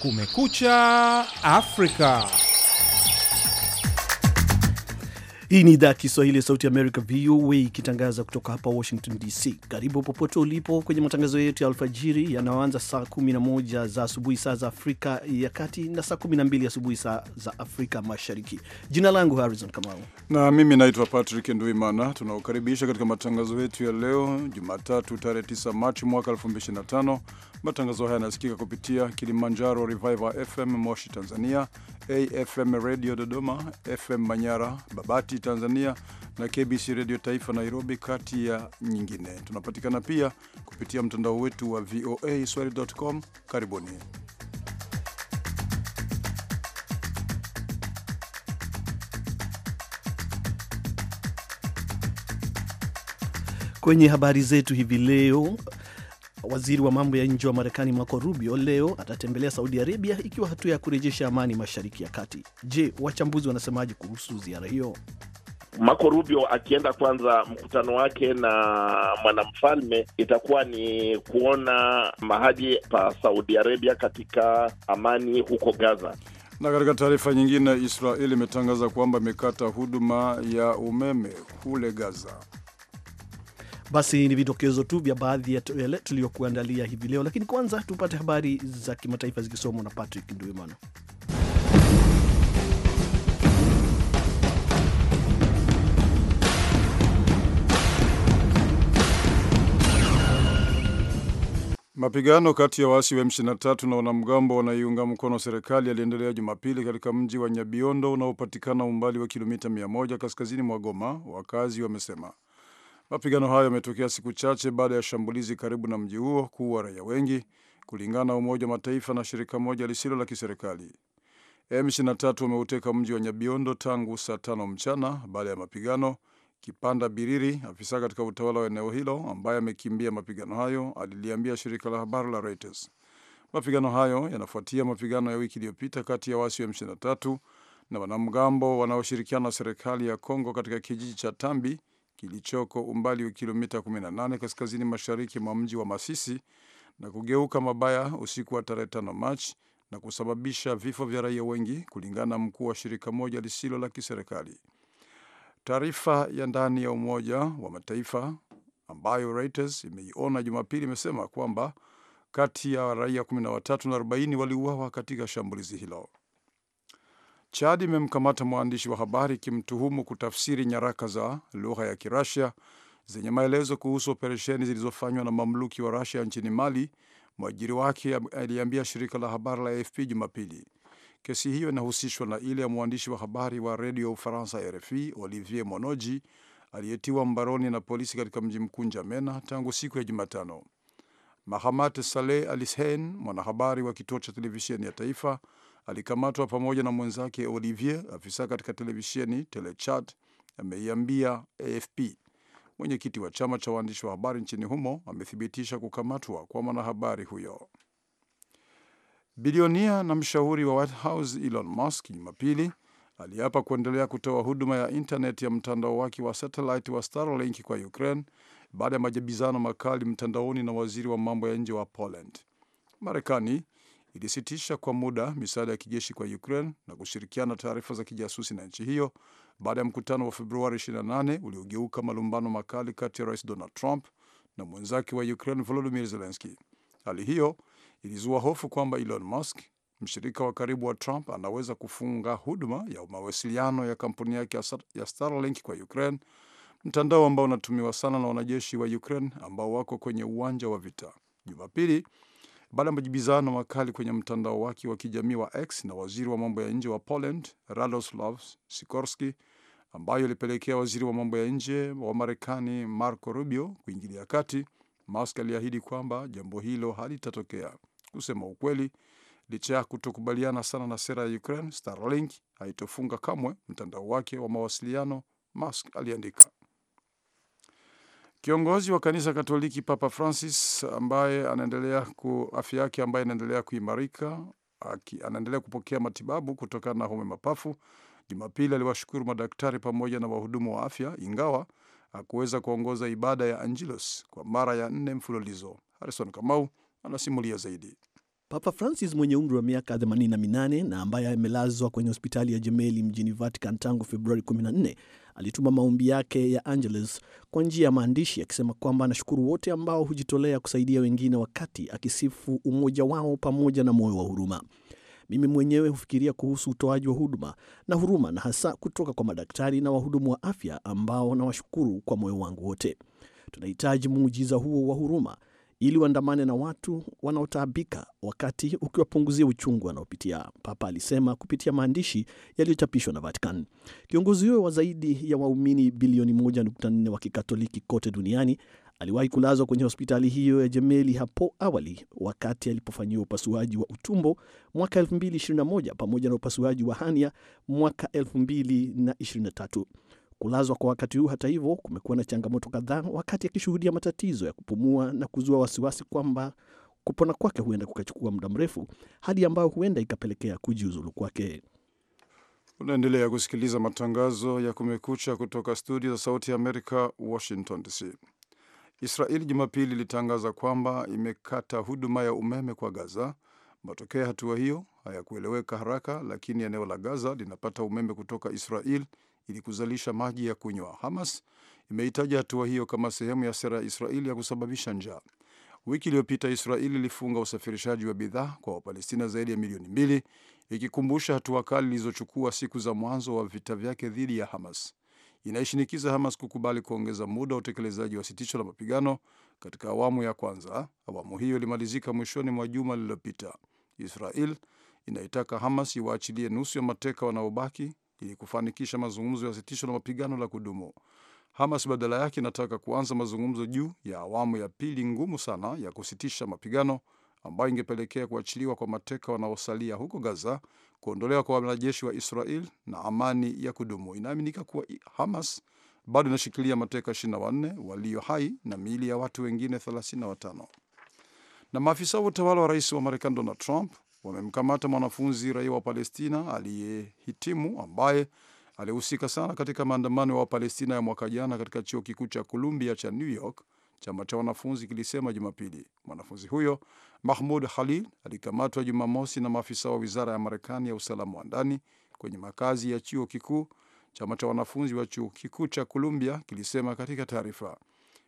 Kumekucha Afrika. Hii ni idhaa ya Kiswahili ya Sauti america VOA, ikitangaza kutoka hapa Washington DC. Karibu popote ulipo kwenye matangazo yetu ya alfajiri yanayoanza saa 11 za asubuhi saa za Afrika ya Kati na saa 12 asubuhi saa za Afrika Mashariki. Jina langu Harrison Kamau na mimi naitwa Patrick Nduimana. Tunaokaribisha katika matangazo yetu ya leo Jumatatu tarehe 9 Machi mwaka 2025. Matangazo haya yanasikika kupitia Kilimanjaro Revival FM Moshi Tanzania, AFM Radio Dodoma, FM Manyara, Babati Tanzania, na KBC Redio Taifa Nairobi, kati ya nyingine. Tunapatikana pia kupitia mtandao wetu wa VOA swahili.com. Karibuni. Kwenye habari zetu hivi leo, waziri wa mambo ya nje wa Marekani Marco Rubio leo atatembelea Saudi Arabia, ikiwa hatua ya kurejesha amani mashariki ya kati. Je, wachambuzi wanasemaje kuhusu ziara hiyo? Marco Rubio akienda kwanza mkutano wake na mwanamfalme, itakuwa ni kuona mahali pa Saudi Arabia katika amani huko Gaza. Na katika taarifa nyingine, Israeli imetangaza kwamba imekata huduma ya umeme kule Gaza. Basi ni vidokezo tu vya baadhi ya yale tuliyokuandalia hivi leo, lakini kwanza tupate habari za kimataifa zikisomwa na Patrick Ndwimana. Mapigano kati ya waasi wa M23 na wanamgambo wanaiunga mkono serikali yaliendelea Jumapili katika mji wa Nyabiondo unaopatikana umbali wa kilomita 100 kaskazini mwa Goma, wakazi wamesema. Mapigano hayo yametokea siku chache baada ya shambulizi karibu na mji huo kuua raia wengi, kulingana na Umoja wa Mataifa na shirika moja lisilo la kiserikali. M23 wameuteka mji wa Nyabiondo tangu saa tano mchana baada ya mapigano Kipanda Biriri, afisa katika utawala wa eneo hilo ambaye amekimbia mapigano hayo, aliliambia shirika la habari la Reuters. Mapigano hayo yanafuatia mapigano ya wiki iliyopita kati ya waasi wa M23 na wanamgambo wanaoshirikiana na serikali ya Kongo katika kijiji cha Tambi kilichoko umbali wa kilomita 18 kaskazini mashariki mwa mji wa Masisi na kugeuka mabaya usiku wa tarehe 5 Machi na kusababisha vifo vya raia wengi, kulingana na mkuu wa shirika moja lisilo la kiserikali. Taarifa ya ndani ya Umoja wa Mataifa ambayo Reuters imeiona Jumapili imesema kwamba kati ya raia 13 na 40 waliuawa katika shambulizi hilo. Chad imemkamata mwandishi wa habari ikimtuhumu kutafsiri nyaraka za lugha ya Kirasia zenye maelezo kuhusu operesheni zilizofanywa na mamluki wa Rasia nchini Mali, mwajiri wake aliambia shirika la habari la AFP Jumapili. Kesi hiyo inahusishwa na ile ya mwandishi wa habari wa redio Ufaransa RFI Olivier Monoji aliyetiwa mbaroni na polisi katika mji mkuu Njamena tangu siku ya Jumatano. Mahamat Saleh Alishen, mwanahabari wa kituo cha televisheni ya taifa, alikamatwa pamoja na mwenzake Olivier, afisa katika televisheni Telechat, ameiambia AFP. Mwenyekiti wa chama cha waandishi wa habari nchini humo amethibitisha kukamatwa kwa mwanahabari huyo. Bilionia na mshauri wa White House Elon Musk Jumapili aliapa kuendelea kutoa huduma ya intanet ya mtandao wake wa satellite wa Starlink kwa Ukraine baada ya majibizano makali mtandaoni na waziri wa mambo ya nje wa Poland. Marekani ilisitisha kwa muda misaada ya kijeshi kwa Ukraine na kushirikiana taarifa za kijasusi na nchi hiyo baada ya mkutano wa Februari 28 uliogeuka malumbano makali kati ya Rais Donald Trump na mwenzake wa Ukraine Volodymyr Zelensky. Hali hiyo ilizua hofu kwamba Elon Musk, mshirika wa karibu wa Trump, anaweza kufunga huduma ya mawasiliano ya kampuni yake ya Starlink kwa Ukraine, mtandao ambao unatumiwa sana na wanajeshi wa Ukraine ambao wako kwenye uwanja wa vita. Jumapili, baada ya majibizano makali kwenye mtandao wake wa kijamii wa X na waziri wa mambo ya nje wa Poland Radoslav Sikorski, ambayo ilipelekea waziri wa mambo ya nje wa Marekani Marco Rubio kuingilia kati, Musk aliahidi kwamba jambo hilo halitatokea. Kusema ukweli, licha ya kutokubaliana sana na sera ya Ukraine, Starlink haitofunga kamwe mtandao wake wa mawasiliano, Musk aliandika. Kiongozi wa kanisa Katoliki Papa Francis ambaye anaendelea ku afya yake ambaye anaendelea kuimarika anaendelea kupokea matibabu kutokana na homa mapafu. Jumapili aliwashukuru madaktari pamoja na wahudumu wa afya, ingawa hakuweza kuongoza ibada ya Angelus kwa mara ya nne mfululizo. Harrison Kamau anasimulia zaidi. Papa Francis mwenye umri wa miaka 88 na ambaye amelazwa kwenye hospitali ya Jemeli mjini Vatican tangu Februari 14 alituma maombi yake ya Angelus kwa njia ya maandishi akisema kwamba anashukuru wote ambao hujitolea kusaidia wengine, wakati akisifu umoja wao pamoja na moyo wa huruma. Mimi mwenyewe hufikiria kuhusu utoaji wa huduma na huruma, na hasa kutoka kwa madaktari na wahudumu wa afya ambao nawashukuru kwa moyo wangu wote. Tunahitaji muujiza huo wa huruma ili uandamane na watu wanaotaabika wakati ukiwapunguzia uchungu wanaopitia, Papa alisema kupitia maandishi yaliyochapishwa na Vatican. Kiongozi huyo wa zaidi ya waumini bilioni 1.4 wa Kikatoliki kote duniani aliwahi kulazwa kwenye hospitali hiyo ya Jemeli hapo awali wakati alipofanyiwa upasuaji wa utumbo mwaka 2021 pamoja na upasuaji wa hania mwaka 2023. Kulazwa kwa wakati huu, hata hivyo, kumekuwa na changamoto kadhaa, wakati akishuhudia matatizo ya kupumua na kuzua wasiwasi kwamba kupona kwake huenda kukachukua muda mrefu, hali ambayo huenda ikapelekea kujiuzulu kwake. Unaendelea kusikiliza matangazo ya Kumekucha kutoka studio za Sauti ya Amerika, Washington DC. Israeli Jumapili ilitangaza kwamba imekata huduma ya umeme kwa Gaza. Matokeo ya hatua hiyo hayakueleweka haraka, lakini eneo la Gaza linapata umeme kutoka Israel ili kuzalisha maji ya kunywa. Hamas imehitaja hatua hiyo kama sehemu ya sera ya Israeli ya kusababisha njaa. Wiki iliyopita Israeli ilifunga usafirishaji wa bidhaa kwa Wapalestina zaidi ya milioni mbili, ikikumbusha hatua kali ilizochukua siku za mwanzo wa vita vyake dhidi ya Hamas. Inaishinikiza Hamas kukubali kuongeza muda wa utekelezaji wa sitisho la mapigano katika awamu ya kwanza. Awamu hiyo ilimalizika mwishoni mwa juma lililopita. Israel inaitaka Hamas iwaachilie nusu ya mateka wanaobaki ili kufanikisha mazungumzo ya sitisho la mapigano la kudumu. Hamas badala yake inataka kuanza mazungumzo juu ya awamu ya pili ngumu sana ya kusitisha mapigano ambayo ingepelekea kuachiliwa kwa mateka wanaosalia huko Gaza, kuondolewa kwa wanajeshi wa Israel na amani ya kudumu. Inaaminika kuwa Hamas bado inashikilia mateka 24 walio hai na miili ya watu wengine 35. Na maafisa wa utawala wa rais wa Marekani Donald Trump wamemkamata mwanafunzi raia wa Palestina aliyehitimu ambaye alihusika sana katika maandamano ya Wapalestina ya mwaka jana katika chuo kikuu cha Columbia cha New York, chama cha wanafunzi kilisema Jumapili. Mwanafunzi huyo Mahmud Khalil alikamatwa Jumamosi na maafisa wa wizara ya Marekani ya usalama wa ndani kwenye makazi ya chuo kikuu. Chama cha wanafunzi wa chuo kikuu cha Columbia kilisema katika taarifa.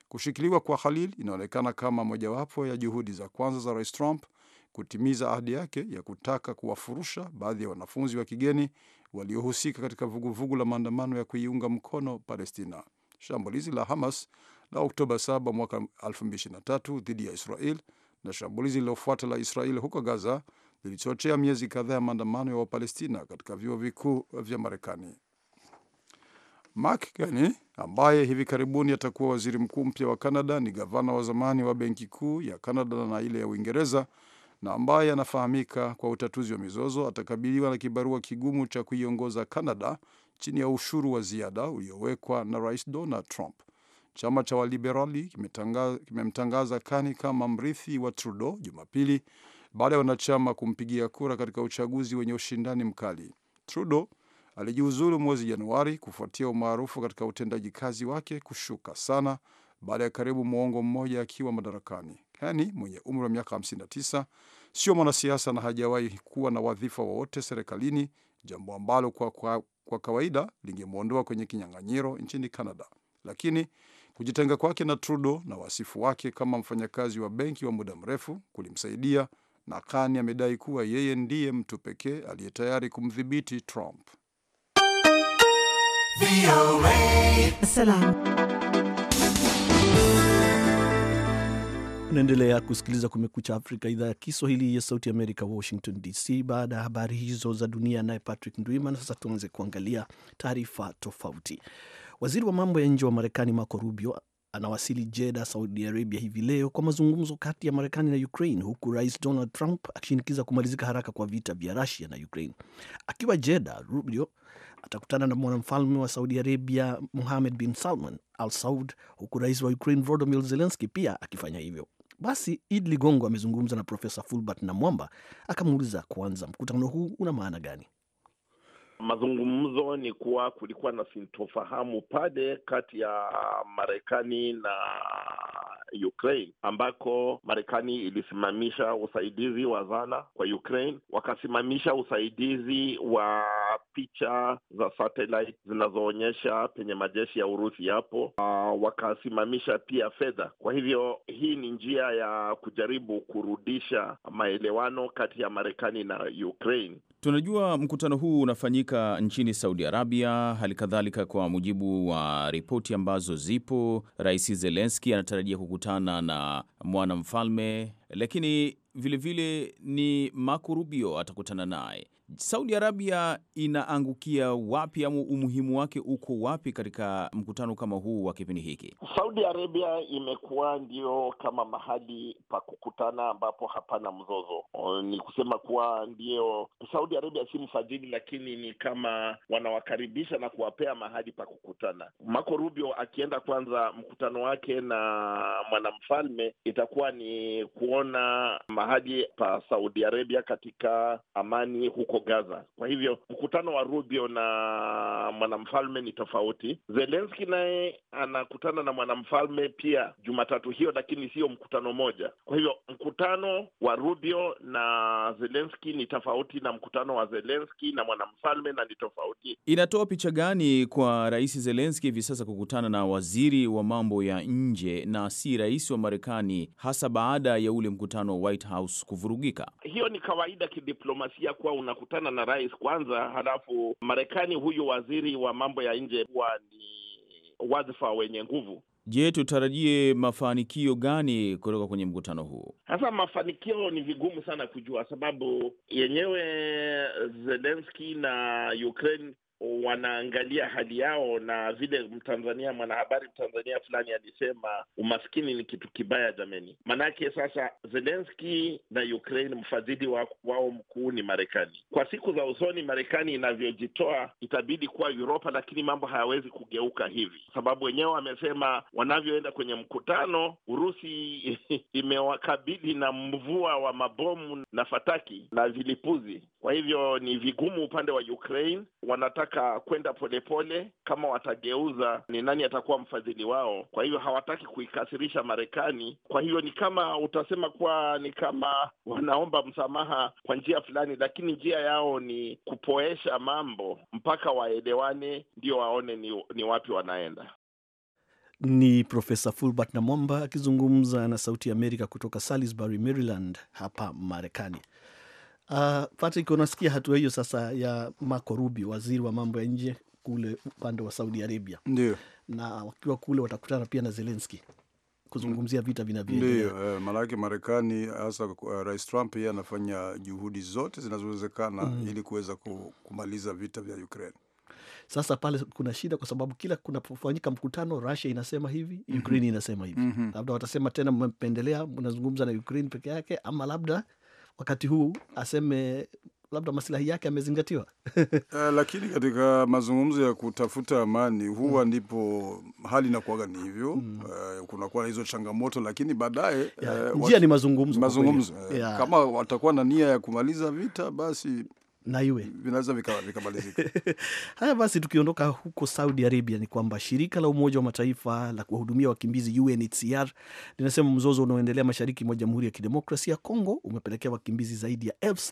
Kushikiliwa kwa Khalil inaonekana kama mojawapo ya juhudi za kwanza za Rais Trump kutimiza ahadi yake ya kutaka kuwafurusha baadhi ya wanafunzi wa kigeni waliohusika katika vuguvugu vugu la maandamano ya kuiunga mkono Palestina. Shambulizi la Hamas la Oktoba 7 mwaka 2023 dhidi ya Israel na shambulizi lililofuata la Israel huko Gaza lilichochea miezi kadhaa ya maandamano ya Wapalestina katika vyuo vikuu vya Marekani. Mark Carney ambaye hivi karibuni atakuwa waziri mkuu mpya wa canada ni gavana wa zamani wa benki kuu ya canada na ile ya Uingereza na ambaye anafahamika kwa utatuzi wa mizozo atakabiliwa na kibarua kigumu cha kuiongoza Canada chini ya ushuru wa ziada uliowekwa na Rais Donald Trump. Chama cha Waliberali kimemtangaza Kani kama mrithi wa Trudeau Jumapili baada ya wanachama kumpigia kura katika uchaguzi wenye ushindani mkali. Trudeau alijiuzulu mwezi Januari kufuatia umaarufu katika utendaji kazi wake kushuka sana baada ya karibu muongo mmoja akiwa madarakani. Hani mwenye umri wa miaka 59 sio mwanasiasa na hajawahi kuwa na wadhifa wowote serikalini, jambo ambalo kwa, kwa, kwa kawaida lingemwondoa kwenye kinyang'anyiro nchini Canada, lakini kujitenga kwake na Trudeau na wasifu wake kama mfanyakazi wa benki wa muda mrefu kulimsaidia, na Kani amedai kuwa yeye ndiye mtu pekee aliye tayari kumdhibiti Trump. Unaendelea kusikiliza Kumekucha Afrika, idhaa ya Kiswahili ya Sauti Amerika, Washington DC. Baada ya habari hizo za dunia, naye Patrick na Sasa tuanze kuangalia taarifa tofauti. Waziri wa mambo ya nje wa Marekani Marco Rubio anawasili Jeda, Saudi Arabia hivi leo kwa mazungumzo kati ya Marekani na Ukraine, huku Rais Donald Trump akishinikiza kumalizika haraka kwa vita vya Rusia na Ukraine. Akiwa Jeda, Rubio atakutana na mwanamfalme wa Saudi Arabia muhamed bin Salman Al Saud, huku rais wa Ukraine Volodymyr zelenski pia akifanya hivyo. Basi Id Ligongo amezungumza na Profesa Fulbert na Mwamba akamuuliza, kwanza mkutano huu una maana gani? Mazungumzo ni kuwa kulikuwa na sintofahamu pale kati ya Marekani na Ukraine ambako Marekani ilisimamisha usaidizi wa zana kwa Ukraine, wakasimamisha usaidizi wa picha za satellite zinazoonyesha penye majeshi ya Urusi yapo, uh, wakasimamisha pia fedha. Kwa hivyo hii ni njia ya kujaribu kurudisha maelewano kati ya Marekani na Ukraine. Tunajua mkutano huu unafanyika nchini Saudi Arabia. Hali kadhalika, kwa mujibu wa ripoti ambazo zipo, Rais Zelenski anatarajia kukutana na mwanamfalme, lakini vilevile ni Marco Rubio atakutana naye. Saudi Arabia inaangukia wapi ama umuhimu wake uko wapi katika mkutano kama huu wa kipindi hiki? Saudi Arabia imekuwa ndio kama mahali pa kukutana ambapo hapana mzozo. O, ni kusema kuwa ndio Saudi Arabia si mfadhili, lakini ni kama wanawakaribisha na kuwapea mahali pa kukutana. Marco Rubio akienda kwanza mkutano wake na mwanamfalme, itakuwa ni kuona mahali pa Saudi Arabia katika amani huko Gaza. Kwa hivyo mkutano wa Rubio na mwanamfalme ni tofauti. Zelenski naye anakutana na mwanamfalme pia Jumatatu hiyo, lakini sio mkutano moja. Kwa hivyo mkutano wa Rubio na Zelenski ni tofauti na mkutano wa Zelenski na mwanamfalme, na ni tofauti. Inatoa picha gani kwa Rais Zelenski hivi sasa kukutana na waziri wa mambo ya nje na si rais wa Marekani, hasa baada ya ule mkutano wa White House kuvurugika? Hiyo ni kawaida kidiplomasia kuwa una kukutana na rais kwanza, halafu Marekani huyu waziri wa mambo ya nje huwa ni wadhifa wenye nguvu. Je, tutarajie mafanikio gani kutoka kwenye mkutano huu? Hasa mafanikio ni vigumu sana kujua, sababu yenyewe Zelenski na Ukraine wanaangalia hali yao, na vile Mtanzania, mwanahabari Mtanzania fulani alisema umaskini ni kitu kibaya jameni. Manake sasa Zelenski na Ukraine, mfadhili wa, wao mkuu ni Marekani. Kwa siku za usoni, Marekani inavyojitoa itabidi kuwa Uropa, lakini mambo hayawezi kugeuka hivi, sababu wenyewe wamesema wanavyoenda kwenye mkutano, Urusi imewakabidhi na mvua wa mabomu na fataki na vilipuzi kwa hivyo ni vigumu upande wa Ukraine, wanataka kwenda polepole. Kama watageuza, ni nani atakuwa mfadhili wao? Kwa hivyo hawataki kuikasirisha Marekani. Kwa hivyo ni kama utasema kuwa ni kama wanaomba msamaha kwa njia fulani, lakini njia yao ni kupoesha mambo mpaka waelewane, ndio waone ni, ni wapi wanaenda. Ni Profesa Fulbert Namwamba akizungumza na Sauti ya Amerika kutoka Salisbury, Maryland hapa Marekani. Uh, Patrick, unasikia hatua hiyo sasa ya Marco Rubio, waziri wa mambo ya nje kule upande wa Saudi Arabia. Ndiyo. Na wakiwa kule watakutana pia na Zelenski kuzungumzia vita vinavyoendelea. Ndiyo, eh, maanake Marekani hasa uh, Rais Trump yeye anafanya juhudi zote zinazowezekana mm. ili kuweza kumaliza vita vya Ukraine. Sasa pale kuna shida kwa sababu kila kunapofanyika mkutano Russia inasema hivi, mhm. Ukraine mm -hmm. inasema hivi mm -hmm. labda watasema tena mmependelea mnazungumza na Ukraine peke yake ama labda wakati huu aseme labda masilahi yake yamezingatiwa. Uh, lakini katika mazungumzo ya kutafuta amani huwa mm. ndipo hali inakuwaga ni hivyo mm. Uh, kunakuwa na hizo changamoto, lakini baadaye yeah. uh, njia ni mazungumzo, mazungumzo. yeah. kama watakuwa na nia ya kumaliza vita basi na iwe vinaweza vikamalizika. Haya basi, tukiondoka huko Saudi Arabia ni kwamba shirika la Umoja wa Mataifa la kuwahudumia wakimbizi UNHCR linasema mzozo unaoendelea mashariki mwa Jamhuri ya Kidemokrasia ya congo umepelekea wakimbizi zaidi ya elfu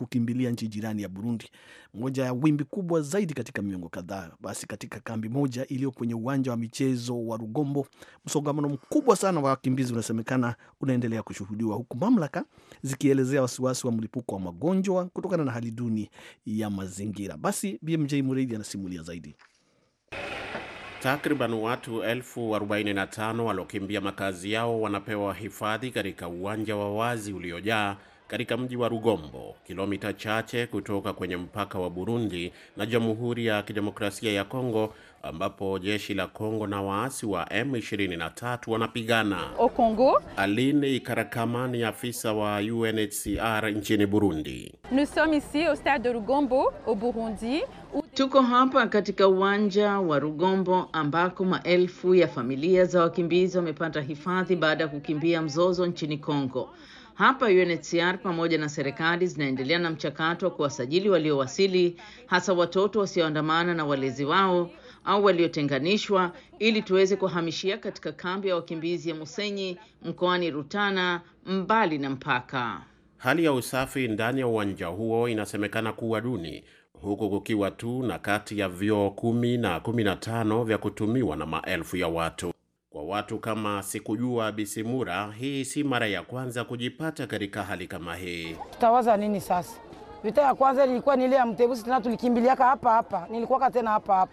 kukimbilia nchi jirani ya Burundi, moja ya wimbi kubwa zaidi katika miongo kadhaa. Basi katika kambi moja iliyo kwenye uwanja wa michezo wa Rugombo, msongamano mkubwa sana wa wakimbizi unasemekana unaendelea kushuhudiwa, huku mamlaka zikielezea wasiwasi wa mlipuko wa magonjwa kutokana na hali duni ya mazingira. Basi BMJ Mureithi anasimulia zaidi. Takriban watu elfu waliokimbia makazi yao wanapewa hifadhi katika uwanja wa wazi uliojaa katika mji wa Rugombo, kilomita chache kutoka kwenye mpaka wa Burundi na Jamhuri ya Kidemokrasia ya Kongo, ambapo jeshi la Kongo na waasi wa M23 wanapigana. Kongo. Aline Karakamani, afisa wa UNHCR nchini Burundi. Nous sommes ici au stade de Rugombo au Burundi. Tuko hapa katika uwanja wa Rugombo ambako maelfu ya familia za wakimbizi wamepata hifadhi baada ya kukimbia mzozo nchini Kongo. Hapa UNHCR pamoja na serikali zinaendelea na mchakato wa kuwasajili waliowasili, hasa watoto wasioandamana na walezi wao au waliotenganishwa, ili tuweze kuhamishia katika kambi ya wakimbizi ya Musenyi mkoani Rutana, mbali na mpaka. Hali ya usafi ndani ya uwanja huo inasemekana kuwa duni, huku kukiwa tu na kati ya vyoo kumi na kumi na tano vya kutumiwa na maelfu ya watu. Kwa watu kama Sikujua Bisimura, hii si mara ya kwanza kujipata katika hali kama hii. Tutawaza nini sasa? Vita ya kwanza ilikuwa ni ile ya Mtebusi, tena tulikimbiliaka hapa hapa, nilikuwaka tena hapa hapa,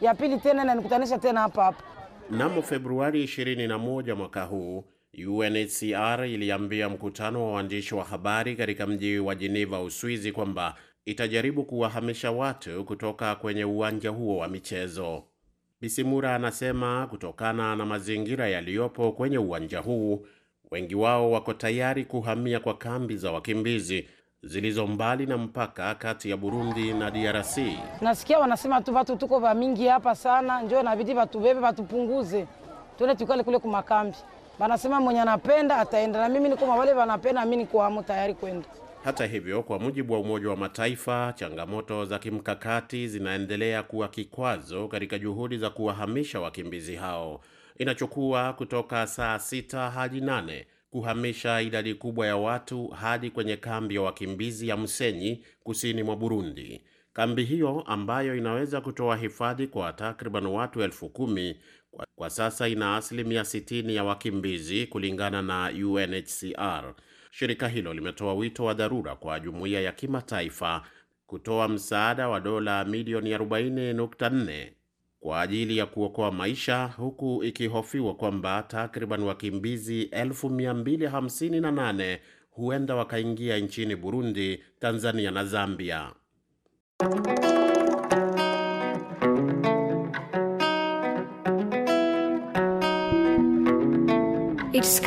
ya pili tena nanikutanisha tena hapa hapa. Mnamo Februari 21 mwaka huu UNHCR iliambia mkutano wa waandishi wa habari katika mji wa Geneva, Uswizi, kwamba itajaribu kuwahamisha watu kutoka kwenye uwanja huo wa michezo. Bisimura anasema kutokana na mazingira yaliyopo kwenye uwanja huu, wengi wao wako tayari kuhamia kwa kambi za wakimbizi zilizo mbali na mpaka kati ya Burundi na DRC. Nasikia wanasema tu watu tuko va mingi hapa sana, njoo nabidi vatubebe vatupunguze tuende tukale kule kumakambi. Wanasema mwenye anapenda ataenda, na mimi niko wale wanapenda, mimi niko tayari kwenda. Hata hivyo, kwa mujibu wa Umoja wa Mataifa, changamoto za kimkakati zinaendelea kuwa kikwazo katika juhudi za kuwahamisha wakimbizi hao. Inachukua kutoka saa sita hadi nane kuhamisha idadi kubwa ya watu hadi kwenye kambi ya wakimbizi ya msenyi kusini mwa Burundi. Kambi hiyo ambayo inaweza kutoa hifadhi kwa takriban watu elfu kumi kwa sasa ina asilimia 60 ya wakimbizi kulingana na UNHCR shirika hilo limetoa wito wa dharura kwa jumuiya ya kimataifa kutoa msaada wa dola milioni 40.4 kwa ajili ya kuokoa maisha huku ikihofiwa kwamba takriban wakimbizi 258 huenda wakaingia nchini Burundi, Tanzania na Zambia. It's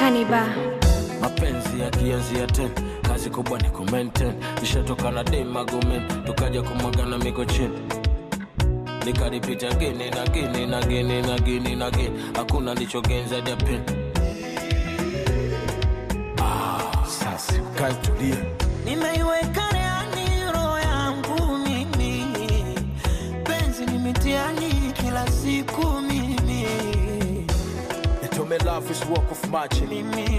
mapenzi yakianzia ten kazi kubwa ni kumenten ishatoka na dem tukaja kumwagana miko chini nikaripita gini na gini na gini na gini na gini hakuna lichogenza japen ah, nimeiweka reani roho yangu mimi penzi ni mitiani kila siku my life is work of magic.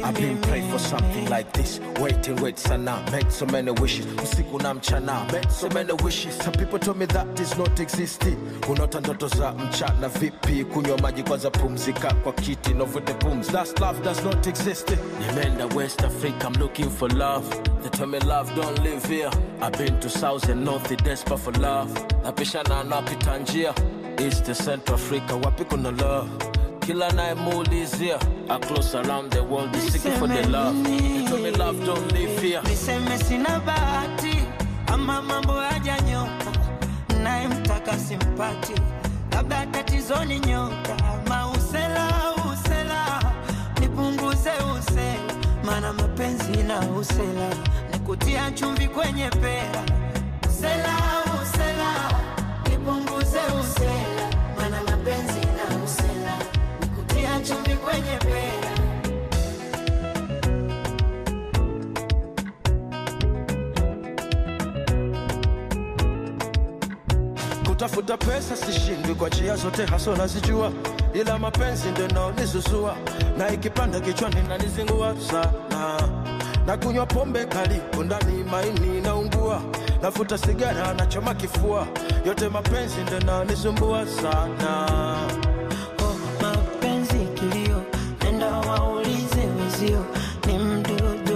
I've been praying for something like this. Waiting, wait, sana. Made so many wishes. Usiku na mchana. Made so many wishes. Some people told me that this not existing. Unaota ndoto za mchana vipi? Kunywa maji kwanza, pumzika kwa kiti. No the booms. That's love does not exist. Nimeenda West Africa, I'm looking for love. They tell me love don't live here. I've been to South and North, they desperate for love. na napita njia. East to Central Africa, wapi kuna love? kila nayemuulizia close around the world is seeking for the love to me love don't leave fear niseme sina bahati ama mambo hajanyoka nayemtaka simpati labda tatizo ni nyoka mausela usela usela nipunguze usela mana mapenzi na usela nikutia chumvi kwenye pera usela usela nipunguze usela kutafuta pesa sishindwi kwa chia zote haso nazijua ila mapenzi ndo naonizuzua na ikipanda kichwani nanizingua sana na kunywa pombe kali kundani maini naungua nafuta sigara nachoma kifua yote mapenzi ndo nanisumbua sana mwenzio ni mdudu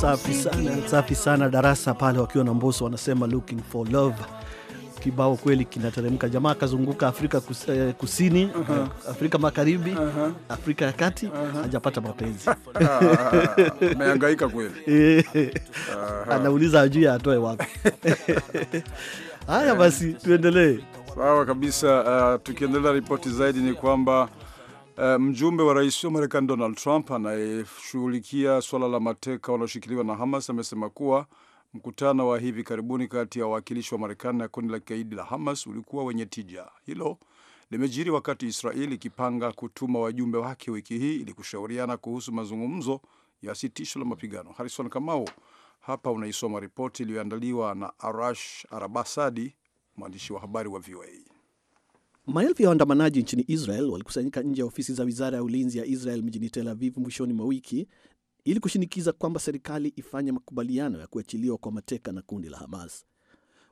Safi sana, safi sana. Darasa pale wakiwa na Mboso wanasema looking for love Kibao kweli kinateremka. Jamaa akazunguka Afrika eh, Kusini, uh -huh. Eh, Afrika Magharibi, uh -huh. Afrika ya Kati, uh uh-huh. -huh. mapenzi ah, amehangaika kweli, eh, uh-huh. anauliza ajui atoe wapi. Haya basi, tuendelee. Sawa kabisa. Uh, tukiendelea, ripoti zaidi ni kwamba Eh, mjumbe wa rais wa Marekani Donald Trump anayeshughulikia suala la mateka wanaoshikiliwa na Hamas amesema kuwa mkutano wa hivi karibuni kati ya wawakilishi wa Marekani na kundi la kigaidi la Hamas ulikuwa wenye tija. Hilo limejiri wakati Israeli ikipanga kutuma wajumbe wake wiki hii ili kushauriana kuhusu mazungumzo ya sitisho la mapigano. Harrison Kamau hapa unaisoma ripoti iliyoandaliwa na Arash Arabasadi, mwandishi wa habari wa VOA. Maelfu ya waandamanaji nchini Israel walikusanyika nje ya ofisi za wizara ya ulinzi ya Israel mjini Tel Aviv mwishoni mwa wiki ili kushinikiza kwamba serikali ifanye makubaliano ya kuachiliwa kwa mateka na kundi la Hamas.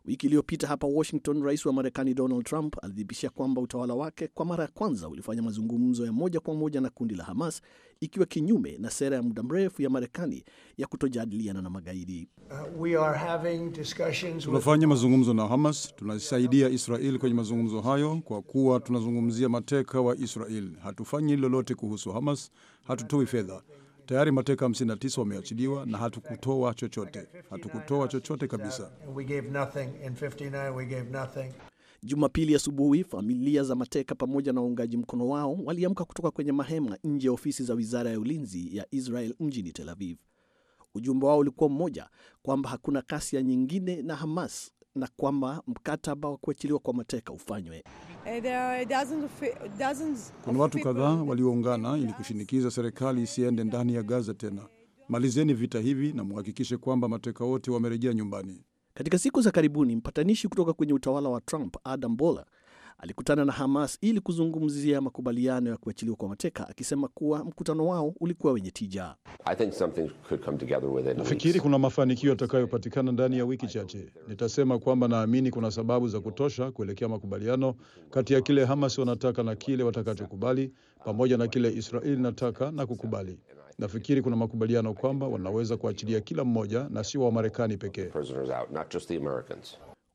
Wiki iliyopita hapa Washington, rais wa Marekani Donald Trump alithibitisha kwamba utawala wake kwa mara ya kwanza ulifanya mazungumzo ya moja kwa moja na kundi la Hamas, ikiwa kinyume na sera ya muda mrefu ya Marekani ya kutojadiliana na magaidi. Uh, tunafanya mazungumzo na Hamas, tunasaidia Israel kwenye mazungumzo hayo kwa kuwa tunazungumzia mateka wa Israel. Hatufanyi lolote kuhusu Hamas, hatutoi fedha Tayari mateka 59 wameachiliwa na hatukutoa chochote, hatukutoa chochote kabisa. Jumapili asubuhi familia za mateka pamoja na waungaji mkono wao waliamka kutoka kwenye mahema nje ya ofisi za wizara ya ulinzi ya Israel mjini Tel Aviv. Ujumbe wao ulikuwa mmoja, kwamba hakuna kasia nyingine na Hamas na kwamba mkataba wa kuachiliwa kwa mateka ufanywe. Eh, Kuna watu kadhaa walioungana ili kushinikiza serikali isiende ndani ya Gaza tena. Malizeni vita hivi na muhakikishe kwamba mateka wote wamerejea nyumbani. Katika siku za karibuni, mpatanishi kutoka kwenye utawala wa Trump Adam Boehler alikutana na Hamas ili kuzungumzia makubaliano ya kuachiliwa kwa mateka, akisema kuwa mkutano wao ulikuwa wenye tija. Nafikiri kuna mafanikio yatakayopatikana ndani ya wiki chache. Nitasema kwamba naamini kuna sababu za kutosha kuelekea makubaliano kati ya kile Hamas wanataka na kile watakachokubali, pamoja na kile Israeli inataka na kukubali. Nafikiri kuna makubaliano kwamba wanaweza kuachilia kila mmoja na sio Wamarekani pekee.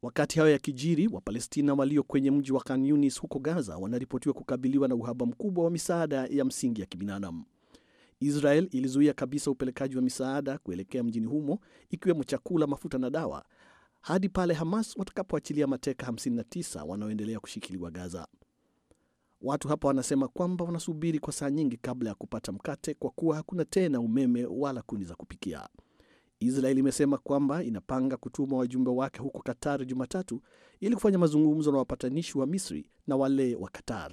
Wakati hayo yakijiri, Wapalestina walio kwenye mji wa Khan Yunis huko Gaza wanaripotiwa kukabiliwa na uhaba mkubwa wa misaada ya msingi ya kibinadamu. Israel ilizuia kabisa upelekaji wa misaada kuelekea mjini humo, ikiwemo chakula, mafuta na dawa, hadi pale Hamas watakapoachilia mateka 59 wanaoendelea kushikiliwa Gaza. Watu hapa wanasema kwamba wanasubiri kwa saa nyingi kabla ya kupata mkate, kwa kuwa hakuna tena umeme wala kuni za kupikia. Israel imesema kwamba inapanga kutuma wajumbe wake huko Qatar Jumatatu ili kufanya mazungumzo na wapatanishi wa Misri na wale wa Qatar.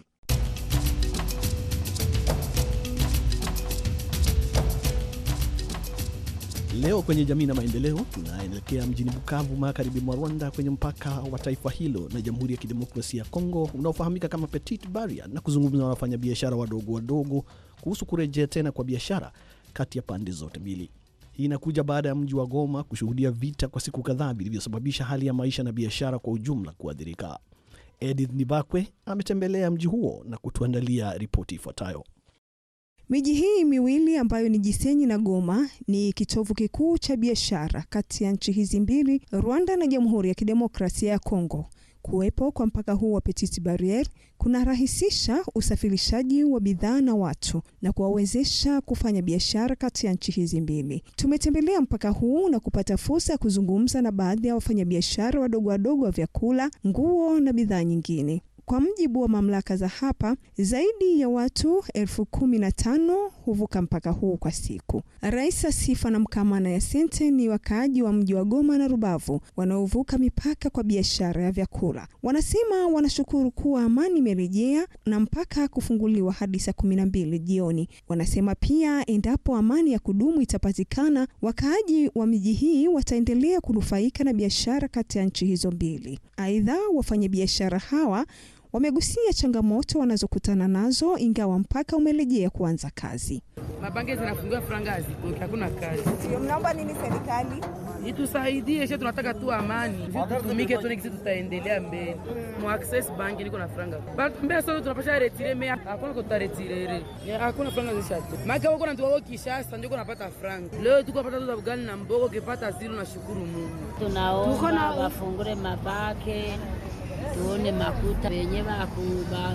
Leo kwenye jamii na maendeleo, tunaelekea mjini Bukavu, magharibi mwa Rwanda, kwenye mpaka wa taifa hilo na Jamhuri ya Kidemokrasia ya Kongo unaofahamika kama Petit Barrier, na kuzungumza na wafanyabiashara wadogo wadogo kuhusu kurejea tena kwa biashara kati ya pande zote mbili. Hii inakuja baada ya mji wa Goma kushuhudia vita kwa siku kadhaa vilivyosababisha hali ya maisha na biashara kwa ujumla kuathirika. Edith Nibakwe ametembelea mji huo na kutuandalia ripoti ifuatayo. Miji hii miwili ambayo ni Gisenyi na Goma ni kitovu kikuu cha biashara kati ya nchi hizi mbili, Rwanda na Jamhuri ya Kidemokrasia ya Kongo. Kuwepo kwa mpaka huu wa Petite Barriere kunarahisisha usafirishaji wa bidhaa na watu na kuwawezesha kufanya biashara kati ya nchi hizi mbili. Tumetembelea mpaka huu na kupata fursa ya kuzungumza na baadhi ya wafanyabiashara wadogo wadogo wa vyakula, nguo na bidhaa nyingine. Kwa mjibu wa mamlaka za hapa, zaidi ya watu elfu kumi na tano huvuka mpaka huu kwa siku. Rais Asifa na Mkamana ya sente ni wakaaji wa mji wa Goma na Rubavu wanaovuka mipaka kwa biashara ya vyakula. Wanasema wanashukuru kuwa amani imerejea na mpaka kufunguliwa hadi saa kumi na mbili jioni. Wanasema pia endapo amani ya kudumu itapatikana, wakaaji wa miji hii wataendelea kunufaika na biashara kati ya nchi hizo mbili. Aidha, wafanyabiashara hawa Wamegusia changamoto wanazokutana nazo ingawa mpaka umerejea kuanza kazi. Mabange zinafungiwa frangazi, hakuna kazi. Mnaomba nini serikali? Itusaidie, sisi tunataka tu amani, tutumike tu, sisi tutaendelea mbele. Mu access bank niko na franga. Bantu mbele sasa tunapasha retire mea, hakuna kuta retire re, Hakuna franga zishatu. Maka wako na ndio wako kisha. Sasa ndio unapata franga. Leo tuko napata tu gani na mboko kipata zero na shukuru Mungu. tunaona tuko na wafungure mabake tuone makuta venye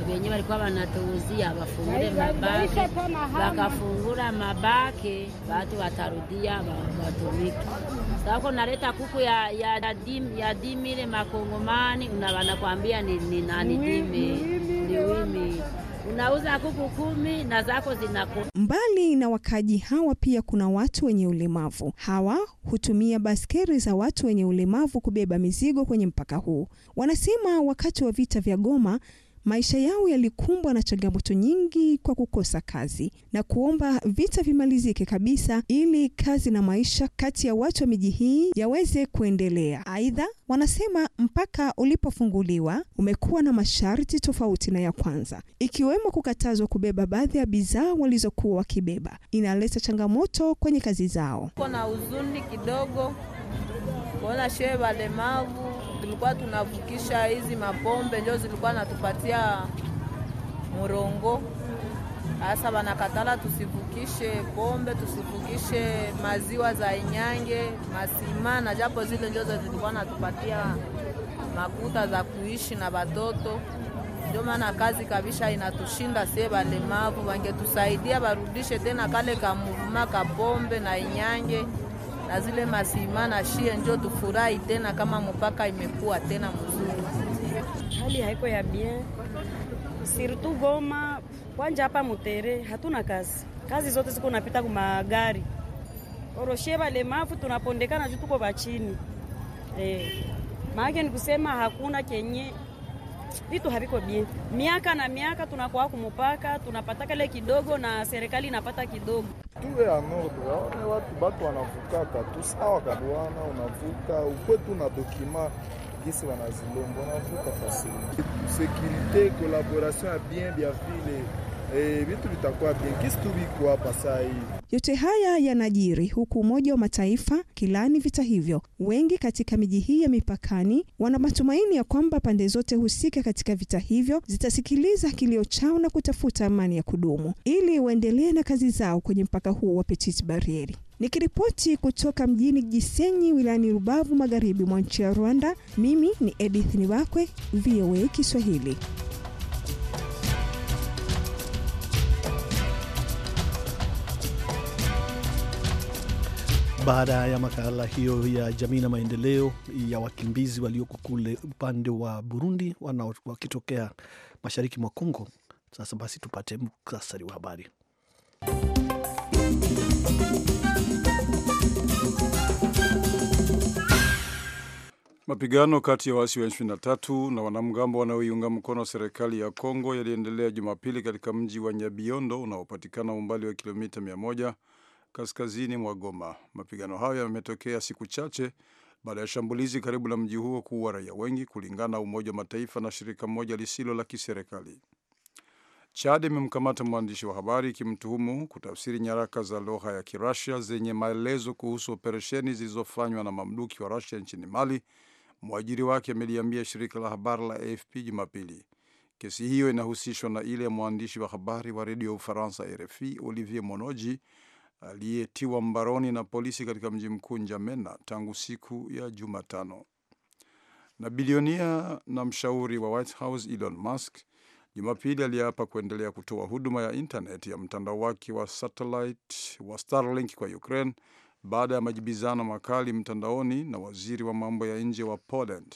venye walikuwa wanatuuzia bafungure mabake, wakafungura mabake, watu watarudia watumike. Sako naleta kuku ya, ya, ya, dim, ya dimile makongomani, una wanakwambia ni, ni nani dimi ni wimi unauza kuku kumi na zako zinaku. mbali. Na wakaji hawa pia kuna watu wenye ulemavu. Hawa hutumia baskeri za watu wenye ulemavu kubeba mizigo kwenye mpaka huu. Wanasema wakati wa vita vya Goma Maisha yao yalikumbwa na changamoto nyingi kwa kukosa kazi na kuomba vita vimalizike kabisa ili kazi na maisha kati ya watu wa miji hii yaweze kuendelea. Aidha, wanasema mpaka ulipofunguliwa umekuwa na masharti tofauti na ya kwanza, ikiwemo kukatazwa kubeba baadhi ya bidhaa walizokuwa wakibeba. Inaleta changamoto kwenye kazi zao. kona huzuni kidogo kuona shehe walemavu tulikuwa tunavukisha hizi mapombe, ndio zilikuwa natupatia murongo. Hasa wanakatala tusivukishe pombe, tusivukishe maziwa za inyange, masima na japo zile ndio zilikuwa natupatia makuta za kuishi na watoto. Ndio maana kazi kabisa inatushinda sie walemavu, wangetusaidia warudishe tena kale ka muvuma ka pombe na inyange na zile masima na shie, njo tufurahi tena kama mpaka imekuwa tena mzuri. Hali haiko ya bien surtout Goma, kwanja hapa Mutere hatuna kazi, kazi zote ziko napita kumagari oroshie walemavu tunapondekana juu tuko bachini eh. Maana ni kusema hakuna kenye vitu haviko bie. Miaka na miaka tunakuwa kumupaka, tunapata kale kidogo na serikali inapata kidogo. Tuwe anordo aone watu batu wanavukaka tu sawa kaduana, unavuka ukwetu na dokima gisi wanazilombo, unavuka fasili. Sekirite, kolaborasyon ya bien bya vile e, vitu vitakuwa vyenkisituviko hapa saa hii. Yote haya yanajiri huku Umoja wa Mataifa kilani vita hivyo. Wengi katika miji hii ya mipakani wana matumaini ya kwamba pande zote husika katika vita hivyo zitasikiliza kilio chao na kutafuta amani ya kudumu ili waendelee na kazi zao kwenye mpaka huo wa Petit Barieri. Nikiripoti kutoka mjini Gisenyi wilayani Rubavu magharibi mwa nchi ya Rwanda, mimi ni Edith Nibakwe, VOA Kiswahili. Baada ya makala hiyo ya jamii na maendeleo ya wakimbizi walioko kule upande wa Burundi wakitokea mashariki mwa Kongo, sasa basi tupate muktasari wa habari. Mapigano kati ya waasi wa M23 na wanamgambo wanaoiunga mkono serikali ya Kongo yaliendelea Jumapili katika mji wa Nyabiondo unaopatikana umbali wa kilomita 100 kaskazini mwa Goma. Mapigano hayo yametokea siku chache baada ya shambulizi karibu na mji huo kuua raia wengi, kulingana na Umoja wa Mataifa na shirika moja lisilo la kiserikali. Chad imemkamata mwandishi wa habari ikimtuhumu kutafsiri nyaraka za lugha ya Kirasia zenye maelezo kuhusu operesheni zilizofanywa na mamluki wa Rusia nchini Mali. Mwajiri wake ameliambia shirika la habari la AFP Jumapili. Kesi hiyo inahusishwa na ile ya mwandishi wa habari wa redio Ufaransa RFI Olivier Monoji aliyetiwa mbaroni na polisi katika mji mkuu Njamena tangu siku ya Jumatano. Na bilionia na mshauri wa White House Elon Musk Jumapili aliyeapa kuendelea kutoa huduma ya internet ya mtandao wake wa satellite wa Starlink kwa Ukraine baada ya majibizano makali mtandaoni na waziri wa mambo ya nje wa Poland.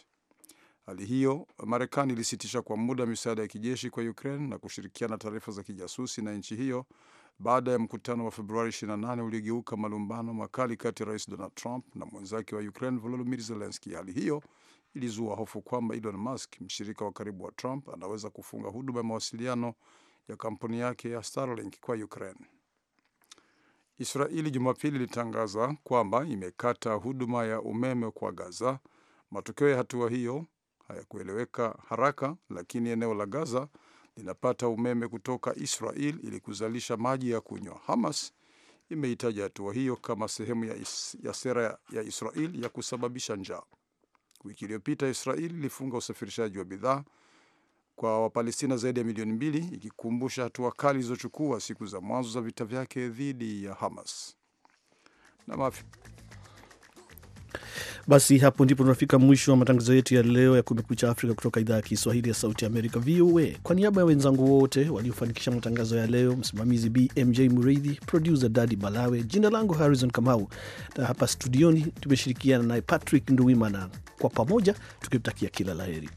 Hali hiyo, Marekani ilisitisha kwa muda misaada ya kijeshi kwa Ukraine na kushirikiana taarifa za kijasusi na nchi hiyo baada ya mkutano wa Februari 28 uliogeuka malumbano makali kati ya Rais Donald Trump na mwenzake wa Ukraine Volodymyr Zelensky. Hali hiyo ilizua hofu kwamba Elon Musk, mshirika wa karibu wa Trump, anaweza kufunga huduma ya mawasiliano ya kampuni yake ya Starlink kwa Ukraine. Israeli Jumapili ilitangaza kwamba imekata huduma ya umeme kwa Gaza. Matokeo ya hatua hiyo hayakueleweka haraka, lakini eneo la Gaza linapata umeme kutoka Israel ili kuzalisha maji ya kunywa. Hamas imehitaji hatua hiyo kama sehemu ya, is, ya sera ya Israel ya kusababisha njaa. Wiki iliyopita Israel ilifunga usafirishaji wa bidhaa kwa Wapalestina zaidi ya milioni mbili ikikumbusha hatua kali zilizochukua siku za mwanzo za vita vyake dhidi ya Hamas na mafi basi hapo ndipo tunafika mwisho wa matangazo yetu ya leo ya Kumekucha Afrika kutoka idhaa ya Kiswahili ya Sauti Amerika, VOA. Kwa niaba ya wenzangu wote waliofanikisha matangazo ya leo, msimamizi BMJ Mureithi, produse Dadi Balawe, jina langu Harrison Kamau na hapa studioni tumeshirikiana naye Patrick Nduwimana, kwa pamoja tukimtakia kila laheri.